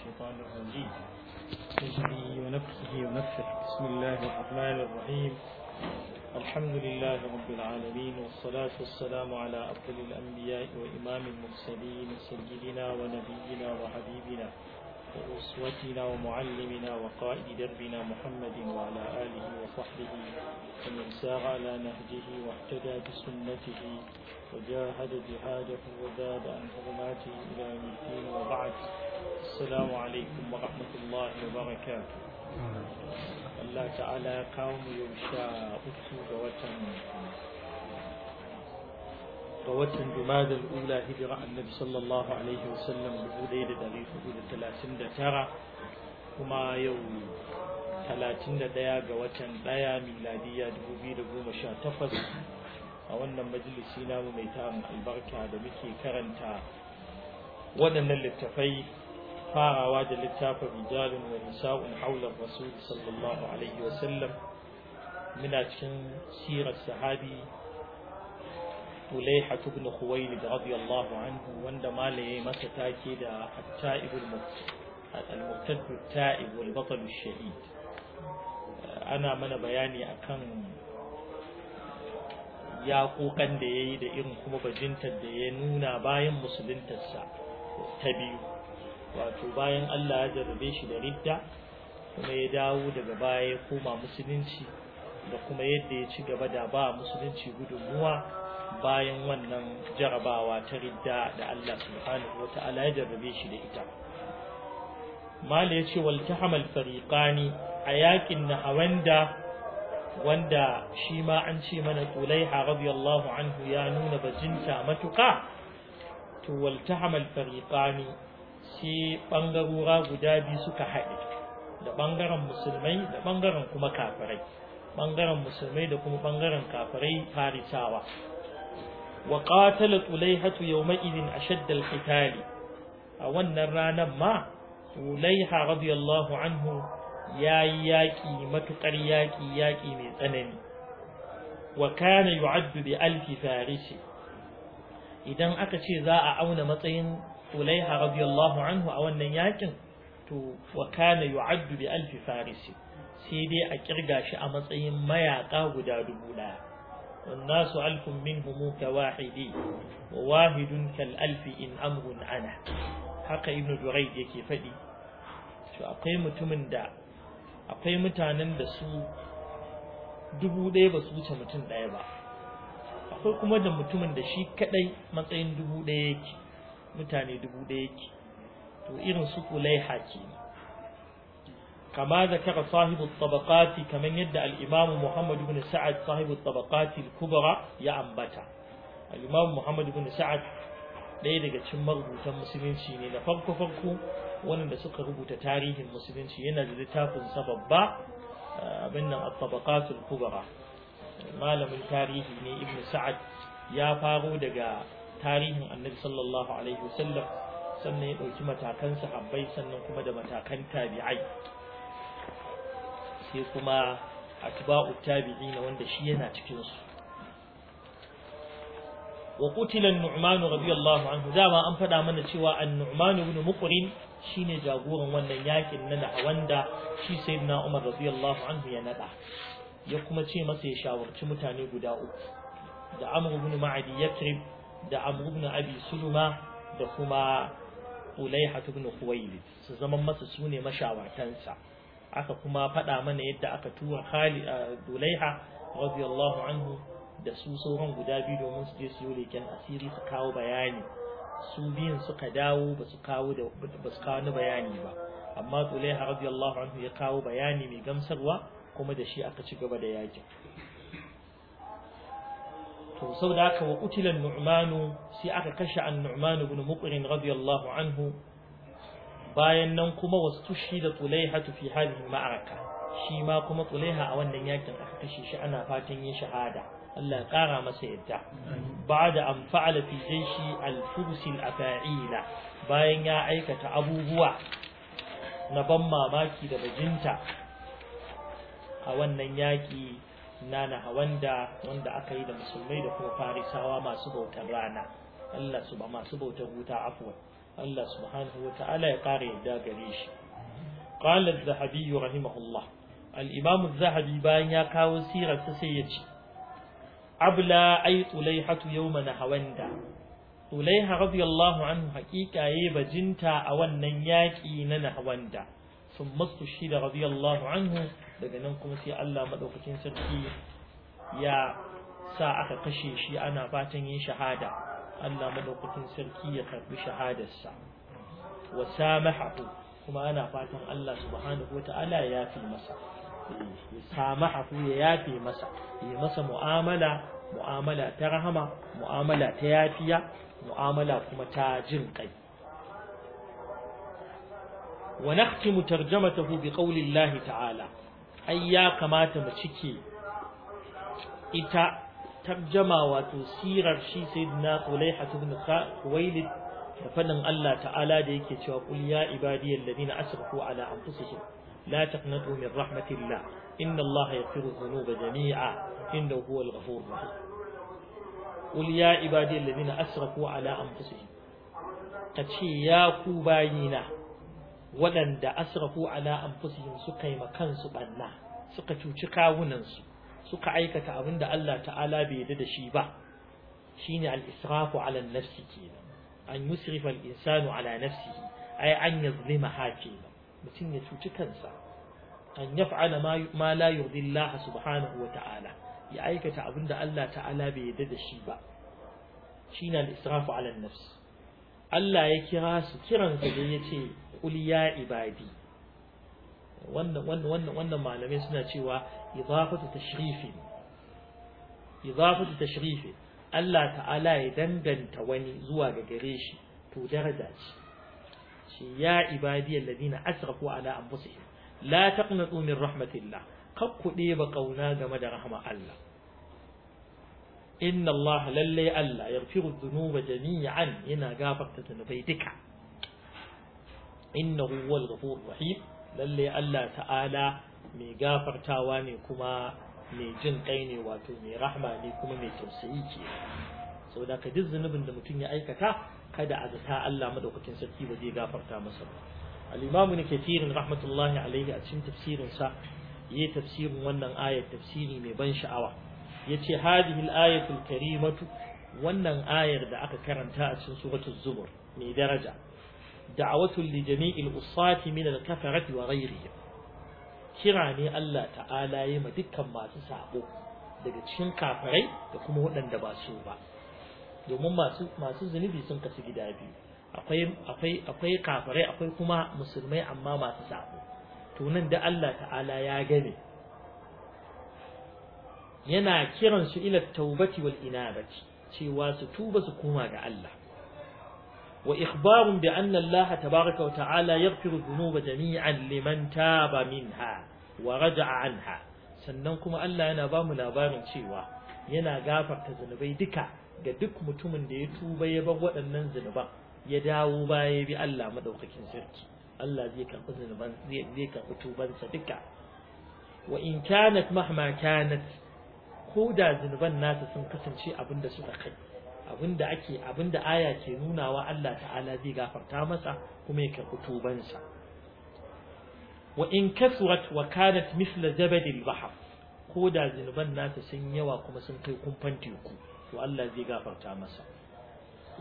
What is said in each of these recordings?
الشيطان الرجيم تجري ونفخه ونفخه بسم الله الرحمن الرحيم الحمد لله رب العالمين والصلاة والسلام على أفضل الأنبياء وإمام المرسلين سيدنا ونبينا وحبيبنا وأسوتنا ومعلمنا وقائد دربنا محمد وعلى آله وصحبه ومن ساغ على نهجه واهتدى بسنته وجاهد جهاده وزاد عن حرماته إلى يوم الدين وبعد السلام عليكم ورحمة الله وبركاته الله تعالى قوم يوشا أتوب وتنمو ga watan Jumada al-Ula hijira Annabi sallallahu alaihi wasallam 1439 kuma yau 31 ga watan 1 miladiya 2018 a wannan majalisi mu mai tarin albarka da muke karanta waɗannan littafai farawa da littafin rijalun wa nisa'un haular rasul sallallahu alaihi wasallam muna cikin sirar sahabi Tulaiha ibn Khuwailid radiyallahu anhu wanda malaye masa take da At-Ta'ib al-Mu'tad al-Ta'ib wal-Batal shahid ana mana bayani akan ya kokan da yayi da irin kuma bajintar da ya nuna bayan musuluntarsa ta biyu wato bayan Allah ya jarrabe shi da ridda kuma ya dawo daga baya ya koma musulunci da kuma yadda ya ci gaba da ba musulunci gudunmuwa bayan wannan jarabawa ta ridda da Allah subhanahu wata'ala ya jarrabe shi da ita Mali ya ce waltahamal fariqani a yakin na hawanda wanda shi ma an ce mana tulaiha radiyallahu anhu ya nuna bajinta matuƙa to waltahamal fariqani sai ɓangarora guda biyu suka haɗe da bangaren musulmai da ɓangaren kuma kafirai bangaren musulmai da kuma ɓangaren kafirai farisawa wa qatala tulaihatu yau idin a shaddal qital a wannan ranar ma tulaiha radiyallahu anhu yayi yaƙi matuƙar yaƙi-yaƙi mai tsanani wa kana yu'addu bi alfi farisi idan aka ce za a auna matsayin tulaiha radiyallahu anhu a wannan yaƙin, to wa kana yu'addu bi alfi farisi sai dai a ƙirga shi a matsayin mayaka guda dubu والناس ألف منهم كواحد وواحد كالألف إن أمر أنا حق ابن جريد يكي فدي شو أقيم تمن دا أقيم تانن دسو dubu ɗaya ba su wuce mutum ɗaya ba akwai kuma da mutumin da shi kaɗai matsayin dubu ɗaya yake mutane dubu ɗaya yake to irin su kulaiha ke كما ذكر صاحب الطبقات كمن يدعى الإمام محمد بن سعد صاحب الطبقات الكبرى يا أنبتا الإمام محمد بن سعد ɗaya daga cikin marubutan musulunci ne na farko farko wanda suka rubuta tarihin musulunci yana da littafin sababba babba abin nan malamin tarihi ne ibn sa'ad ya faro daga tarihin annabi sallallahu alaihi wasallam sannan ya ɗauki matakan sahabbai sannan kuma da matakan tabi'ai sai kuma atba'u na wanda shi yana cikin su wa qutila an radiyallahu anhu dama an faɗa mana cewa an-nu'man ibn muqrin shine jagoran wannan yakin na wanda shi sayyidina umar radiyallahu anhu ya nada ya kuma ce masa ya shawarci mutane guda uku da amr ibn ma'adi yatrib da amr ibn abi sulma da kuma ulaiha ibn khuwaylid su zama masa sune mashawartansa aka kuma faɗa mana yadda aka tura Khalid Dulaiha radiyallahu anhu da su sauran guda biyu domin su je su yi leken asiri su kawo bayani su biyun suka dawo ba su kawo da ba su kawo bayani ba amma Dulaiha radiyallahu anhu ya kawo bayani mai gamsarwa kuma da shi aka ci gaba da yakin to da haka wa qutila numanu sai aka kashe an-nu'man ibn muqrin radiyallahu anhu bayan nan kuma wasu tushi da tsulaiha fi hadhihi ma'araka shi ma kuma tsulaiha a wannan yakin aka kashe shi ana fatan yin shahada Allah ya kara masa yadda ba da fa'ala fi a al afaila bayan ya aikata abubuwa na ban mamaki da bajinta a wannan yaki na na wanda aka yi da musulmai da kuma farisawa masu bautar rana Allah su ba masu bautar wuta afuwa. Allah subhanahu wa ta'ala ya ƙara yadda gare shi qala az-zahabi rahimahullah al zahabi bayan ya kawo sirar sai ya ce abla ay tulaihatu yawma nahawanda tulaiha radiyallahu anhu haqiqa ya bajinta a wannan yaƙi na nahawanda sun mastushi da radiyallahu anhu daga nan kuma sai Allah madaukakin sarki ya sa aka kashe shi ana fatan yin shahada Allah madaukakin sarki ya karbi shahadarsa wa samahahu kuma ana fatan Allah subhanahu wata'ala ya yafi masa ya samahahu ya yafi masa ya masa mu'amala mu'amala ta rahama mu'amala ta yafiya mu'amala kuma ta jin kai wa naqtimu tarjamatahu bi qawli Allah ta'ala ai ya kamata mu cike ita tarjama wato sirar shi sayyidina Qulaiha ibn Khuwailid da fadin Allah ta'ala da yake cewa qul ya ibadiyal ladina asrafu ala anfusihim la taqnatu min rahmatillah inna Allah yaghfiru dhunuba jami'a innahu huwal ghafurur rahim qul ya ibadiyal ladina asrafu ala anfusihim kace ya ku bayina waɗanda asrafu ala anfusihim suka yi makansu banna suka cuci kawunansu suka aikata abin da Allah ta'ala bai yadda da shi ba Shi ne al'israfu ala nafsi kenan an yusrifa al-insanu ala nafsihi ay an yazlima ha nan, mutum ya cuci kansa an yaf'ala ma la yurdi Allah subhanahu wa ta'ala ya aikata abin da Allah ta'ala bai yadda da shi ba Shi ne al'israfu ala nafsi Allah ya kira su kiransa da yace qul ya ibadi wannan wannan wannan wannan malamai suna cewa idafatu tashrifi idafatu tashrifi Allah ta'ala ya danganta wani zuwa ga gare shi to daraja ce shi ya ibadi alladhina asrafu ala anfusihim la taqnatu min rahmatillah kakkude ba kauna game da rahma Allah inna Allah lalle Allah yaghfiru dhunuba jami'an yana gafarta zunubai duka innahu huwal ghafurur rahim lalle Allah ta'ala mai gafartawa ne kuma mai jin kai ne wato mai rahma ne kuma mai tausayi ke sau da ka duk zunubin da mutum ya aikata kada a zata Allah madaukakin sarki ba zai gafarta masa ba al-imamu ne katirin rahmatullahi alaihi a cikin tafsirin sa yayi tafsirin wannan ayat tafsiri mai ban sha'awa yace hadhihi al-ayatu karimatu wannan ayar da aka karanta a cikin suratul zumur mai daraja da'awatu li jami'il usati min al-kafarati wa ghayrihim kira ne Allah ta'ala ya ma dukkan masu sabo daga cikin kafirai da kuma waɗanda ba su ba domin masu masu zunubi sun kasu gida biyu akwai akwai akwai kafirai akwai kuma musulmai amma masu sabo to nan da Allah ta'ala ya gane yana kiran su ila taubati wal inabati cewa su tuba su koma ga Allah wa ikhbarun bi anna Allah tabaraka wa ta'ala yaghfiru dhunuba jami'an liman taba minha wa raja'a anha sannan kuma Allah yana ba mu labarin cewa yana gafarta zunubai duka ga duk mutumin da ya tuba ya bar waɗannan zunuban ya dawo baya ya bi Allah madaukakin sarki Allah zai karɓi zunuban zai karɓi tubansa duka wa in kanat mahma kanat ko da zunuban nasa sun kasance abinda suka kai abinda ake abinda aya ke nunawa Allah ta'ala zai gafarta masa kuma ya karɓi tubansa wa in kasurat wa kanat misla zabadil bahar ko da zinuban nasa sun yawa kuma sun kai kumfan teku to Allah zai gafarta masa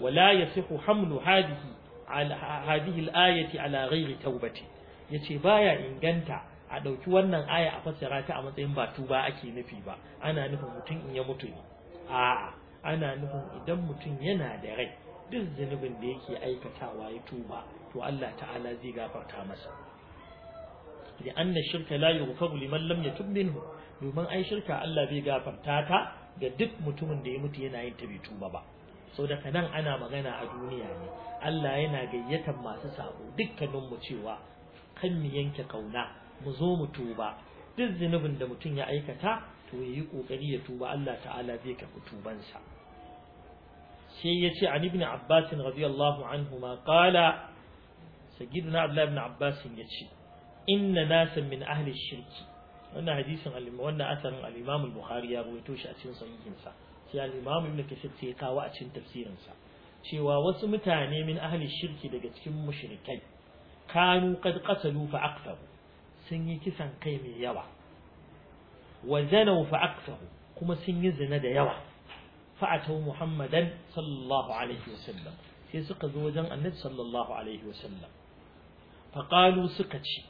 wala yasihu hamlu hadihi ala hadihi al ala ghairi tawbati yace baya inganta a dauki wannan aya a fassara ta a matsayin ba tuba ake nufi ba ana nufin mutum in ya mutu ne a'a ana nufin idan mutum yana da rai duk zunubin da yake aikatawa ya tuba to Allah ta'ala zai gafarta masa li'anna shirka la yughfaru liman lam yatub minhu domin ai shirka Allah bai gafarta ta ga duk mutumin da ya mutu yana yin ta bai tuba ba sau daga nan ana magana a duniya ne Allah yana gayyatar masu sabo dukkanin mu cewa kan mu yanke kauna mu zo mu tuba duk zinubin da mutum ya aikata to yayi kokari ya tuba Allah ta'ala zai karɓi tubansa sai ya ce an ibn Abbas radiyallahu anhu ma qala sayyidina Abdullah ibn Abbas ya ce inna nasan min ahli shirki wannan hadisin wannan asarin al-Imam al-Bukhari ya rawaito shi a cikin sahihin sa sai al-Imam Ibn Kathir sai kawo a cikin tafsirin sa cewa wasu mutane min ahli shirki daga cikin mushrikai kanu qad qatalu fa aqtahu sun yi kisan kai mai yawa wa zanaw fa kuma sun yi zina da yawa fa atau Muhammadan sallallahu alaihi wasallam sai suka zo wajen Annabi sallallahu alaihi wasallam fa qalu suka ce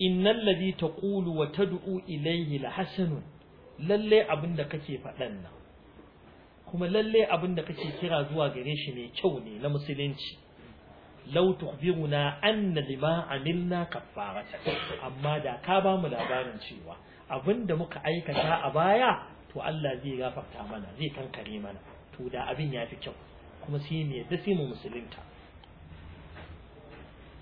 Ladi ta taqulu wa tad'u ilayhi la hasanun lalle abin da kake faɗan nan kuma lalle abin da kake kira zuwa gare shi mai kyau ne na musulunci law tukhbiruna anna lima amilna kaffarata amma da ka ba mu labarin cewa abin da muka aikata a baya to Allah zai gafarta mana zai kankare mana to da abin ya fi kyau kuma sai mu yadda sai mu musulunta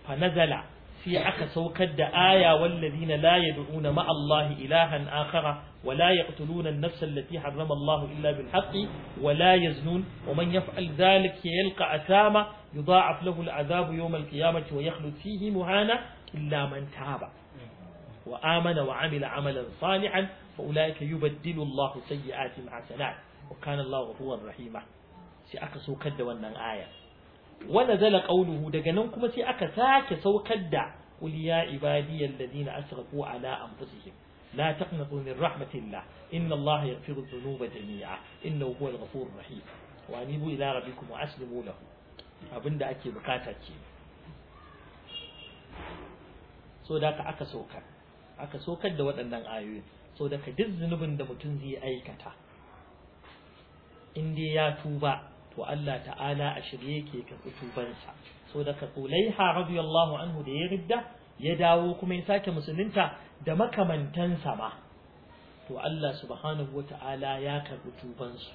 fa nazala sai aka saukar da aya wallazina la yad'una ma Allah ilahan akhara wa la yaqtuluna an-nafsa Allah illa bil haqqi wa yaznun wa man yaf'al dhalika yalqa atama yudha'af lahu azabu adhabu yawm al-qiyamati wa yakhlud fihi muhana illa man taba wa amana wa 'amila 'amalan salihan fa ulaika yubaddilu Allah sayyi'atihim hasanat wa kana Allah ghafurur rahima sai aka saukar da wannan aya wa nazala qawluhu daga nan kuma sai aka sake saukar da qul ya ibadiyal ladina asrafu ala anfusihim la taqnatu min rahmatillah inna allaha yaghfiru dhunuba jami'a innahu huwal ghafurur rahim wa anibu ila rabbikum wa aslimu lahu abinda ake bukata ke so da aka saukar da waɗannan ayoyin so da duk zunubin da mutum zai aikata in ya tuba to Allah ta'ala a shirye yake karɓi tubansa so daga Kulaiha radiyallahu anhu da ya ridda ya dawo kuma ya sake musulunta da makamantansa ma to Allah subhanahu wa ta'ala ya karɓi tubansu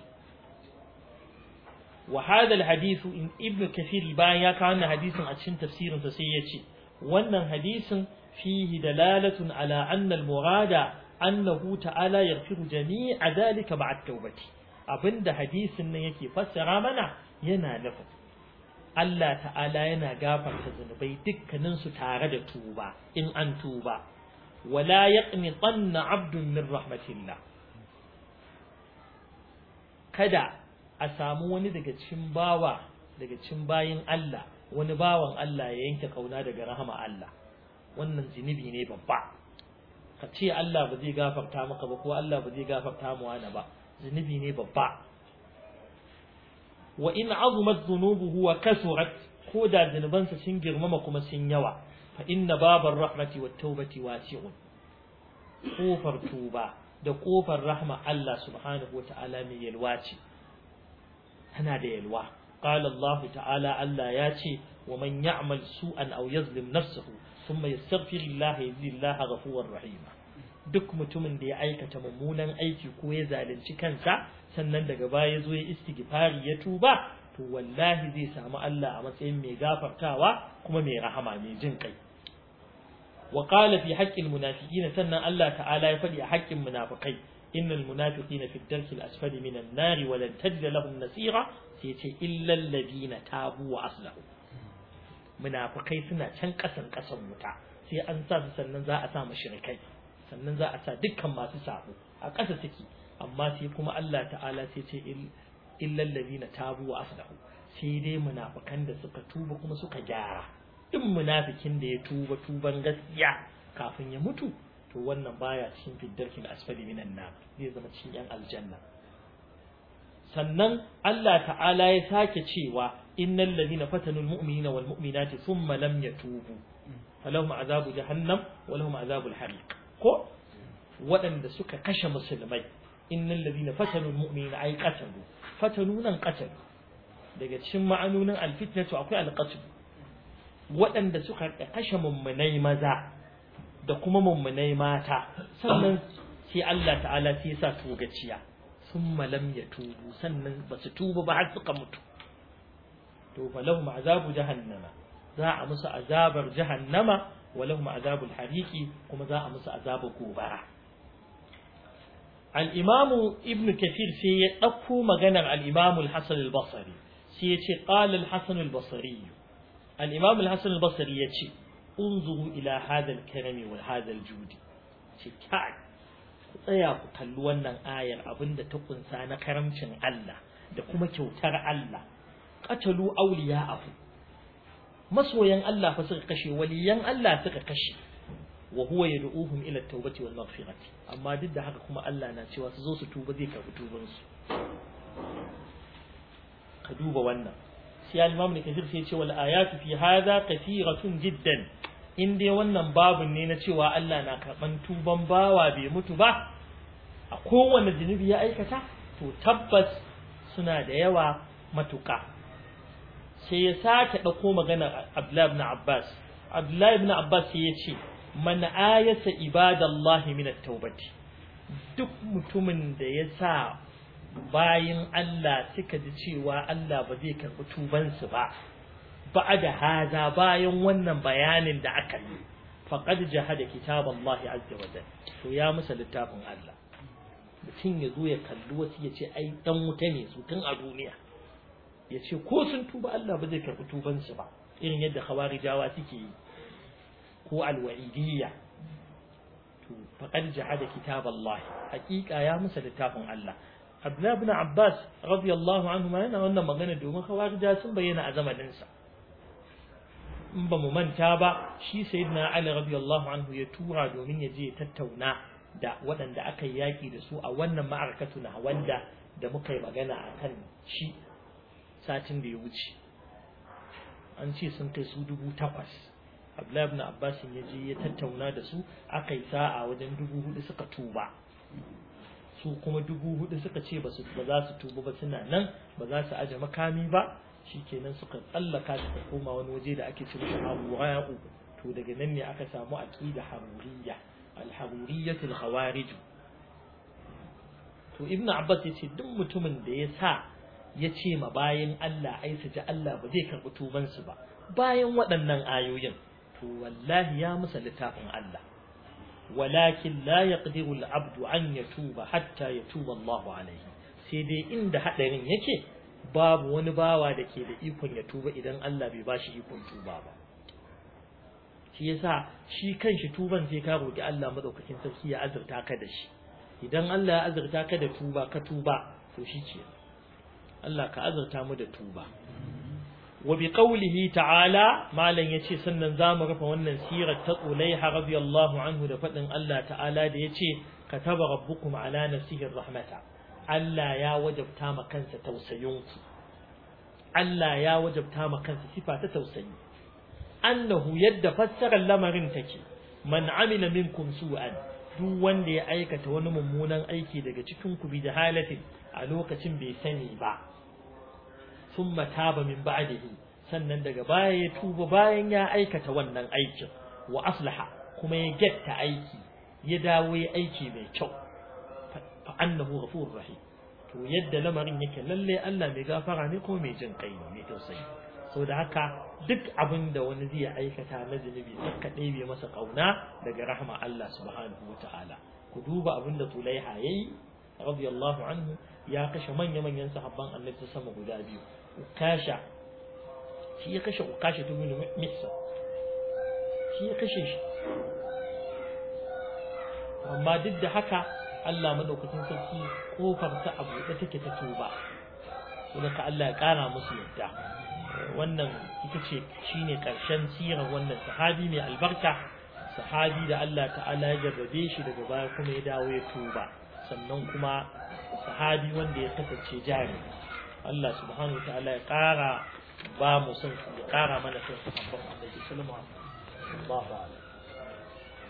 wa hadha in ibn kathir bayan ya kawo wannan hadisin a cikin tafsirin sa sai ya ce wannan hadisin fihi dalalatun ala anna almurada annahu ta'ala yaghfiru jami'a dhalika ba'da tawbati abinda hadisin nan yake fassara mana yana nufin Allah ta'ala yana gafarta zunubai dukkanin su tare da tuba in an tuba wala tanna 'abdun min rahmatillah kada a samu wani daga cikin bawa daga cikin bayin Allah wani bawan Allah ya yanke kauna daga rahama Allah wannan zunubi ne babba ka ce Allah ba zai gafarta maka ba ko Allah ba zai gafarta mu wani ba zunubi ne babba wa in azumat dhunubuhu wa kasurat ko da zunubansa sun girmama kuma sun yawa fa inna babar rahmati wat tawbati wasi'un kofar tuba da kofar rahma Allah subhanahu wata'ala mai yalwa ce tana da yalwa qala Allah ta'ala Allah ya ce wa man ya'mal su'an aw yazlim nafsahu thumma yastaghfir Allah yazid Allah ghafurur rahima duk mutumin da ya aikata mummunan aiki ko ya zalunci kansa sannan daga baya zo ya istighfari ya tuba to wallahi zai samu Allah a matsayin mai gafartawa kuma mai rahama mai jin kai wa qala fi haqqil munafiqina sannan Allah ta'ala ya faɗi a haƙƙin munafukai, innal munafiqina fi ad-darki al-asfali min an-nar wa lan tajid lahum nasira sai ce illal ladina tabu wa aslahu munafikai suna can kasan kasan wuta sai an sa su sannan za a sa mushrikai sannan za a sa dukkan masu sabo a ƙasa suke amma sai kuma Allah ta'ala sai ce illal ladina tabu wa aslahu sai dai munafikan da suka tuba kuma suka gyara duk munafikin da ya tuba tuban gaskiya kafin ya mutu to wannan baya cikin fiddarkin asfali minan nar zai zama cikin yan aljanna sannan Allah ta'ala ya sake cewa innal ladina fatanul mu'minina wal mu'minati thumma lam yatubu falahum azabu jahannam wa lahum azabul hariq ko waɗanda suka kashe musulmai innal ladina fatanu mu'minina ay qatalu fatanu nan qatalu daga cikin ma'anonin alfitnatu akwai alqatl waɗanda suka kashe mummunai maza da kuma mummunai mata sannan sai Allah ta'ala sai sa tugaciya summa lam yatubu sannan basu tuba ba har suka mutu to fa azabu jahannama za a musu azabar jahannama ولهم عذاب الحريق كما ذا أمس عذاب قبرة الإمام ابن كثير سيأكو مغنى الإمام الحسن البصري سيأتي قال الحسن البصري الإمام الحسن البصري يأتي انظروا إلى هذا الكرم وهذا الجود كاي tsaya ku kalli wannan ayar abinda ta kunsa na karamcin Allah da kuma kyautar Allah qatalu awliya'ahu masoyan Allah fa suka kashe waliyan Allah suka kashe wa huwa yad'uhum ila at-taubati wal maghfirati amma duk da haka kuma Allah na cewa su zo su tuba zai karbi tuban su ka duba wannan sai al-imam ne kafir sai ce wal ayatu fi hadha kathiratun jiddan in dai wannan babun ne na cewa Allah na karban tuban bawa bai mutu ba a kowane zunubi ya aikata to tabbas suna da yawa matuƙa sai ya sake ɗauko maganar Abdullahi ibn Abbas Abdullahi ibn Abbas ya ce man ayasa ibadallahi min at-taubati duk mutumin da ya sa bayan Allah suka ji cewa Allah ba zai karɓi tubansu ba ba da haza bayan wannan bayanin da aka yi faqad jahada kitaballahi azza wa jalla to ya musa littafin Allah mutum ya zo ya kalli wasu ya ce ai dan wuta ne su tun a duniya ya ce ko sun tuba Allah ba zai karɓi tubansu ba irin yadda khawarijawa suke yi ko alwa'idiyya to faqad jahada kitab Allah hakika ya musa littafin Allah Abdullah ibn Abbas radiyallahu anhu ma yana wannan magana domin khawarija sun bayyana a zamanin sa in ba mu manta ba shi sayyidina Ali radiyallahu anhu ya tura domin ya je ya tattauna da waɗanda aka yaki da su a wannan ma'arkatu na wanda da muka yi magana akan shi satin da ya wuce an ce sun kai su dubu takwas Abdullahi ibn Abbas ya je ya tattauna da su aka yi sa'a wajen dubu hudu suka tuba su kuma dubu hudu suka ce ba za su tuba ba suna nan ba za su aje makami ba Shi shikenan suka tsallaka suka koma wani waje da ake cin Abu Ra'u to daga nan ne aka samu aqida haruriyya al-haruriyyatul khawarij to ibn Abbas ya ce duk mutumin da ya sa ya ce ma bayan Allah ai su ji Allah ba zai karɓi tubansu ba bayan waɗannan ayoyin to wallahi ya musa littafin Allah walakin la yaqdiru al-abdu an yatuba hatta yatuba Allahu alayhi sai dai inda hadarin yake babu wani bawa da ke da ikon ya tuba idan Allah bai bashi ikon tuba ba shi yasa shi kanshi tuban sai ka roki Allah madaukakin sarki ya azurta ka da shi idan Allah ya azurta ka da tuba ka tuba to shi kenan Allah ka azurta mu da tuba wa bi qawlihi ta'ala malan yace sannan zamu rufe wannan sirar ta Tsulaiha radiyallahu anhu da fadin Allah ta'ala da yace kataba rabbukum ala nafsihi rahmata Allah ya wajabta ma kansa tausayinku Allah ya wajabta ma kansa sifa ta tausayi annahu yadda fassarar lamarin take man amila minkum su'an duk wanda ya aikata wani mummunan aiki daga cikin ku bi da a lokacin bai sani ba thumma taba min ba'dihi sannan daga baya ya tuba bayan ya aikata wannan aikin wa aslaha kuma ya getta aiki ya dawo ya aiki mai kyau fa annahu ghafurur rahim to yadda lamarin yake lalle Allah mai gafara ne ko mai jin kai mai tausayi saboda haka duk abin da wani zai aikata na zunubi sai ka ɗebe masa kauna daga rahma Allah subhanahu wataala ku duba abin da Tulaiha yayi radiyallahu anhu ya kashe manya-manyan sahabban annabi sama guda biyu ukasha shi ya kashe ukasha ibn mihsan shi ya kashe shi amma duk da haka Allah madaukakin sarki kofar ta abu da take ta tuba saboda ka Allah ya kara musu yadda wannan ita ce shine karshen sirar wannan sahabi mai albarka sahabi da Allah ta'ala ya jarrabe shi daga baya kuma ya dawo ya tuba sannan kuma sahabi wanda ya kasance jari Allah subhanahu ta'ala ya ƙara ba mu sun ya ƙara mana sun sahabban annabi sallallahu alaihi wasallam